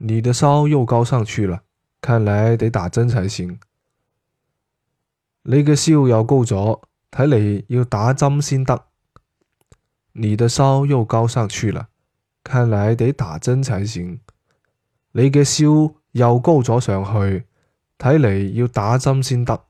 你的燒又高上去了，看來得打針才行。你嘅燒又高咗，睇嚟要打針先得。你的燒又高上去了，看來得打針才行。你嘅燒又高咗上去，睇嚟要打針先得。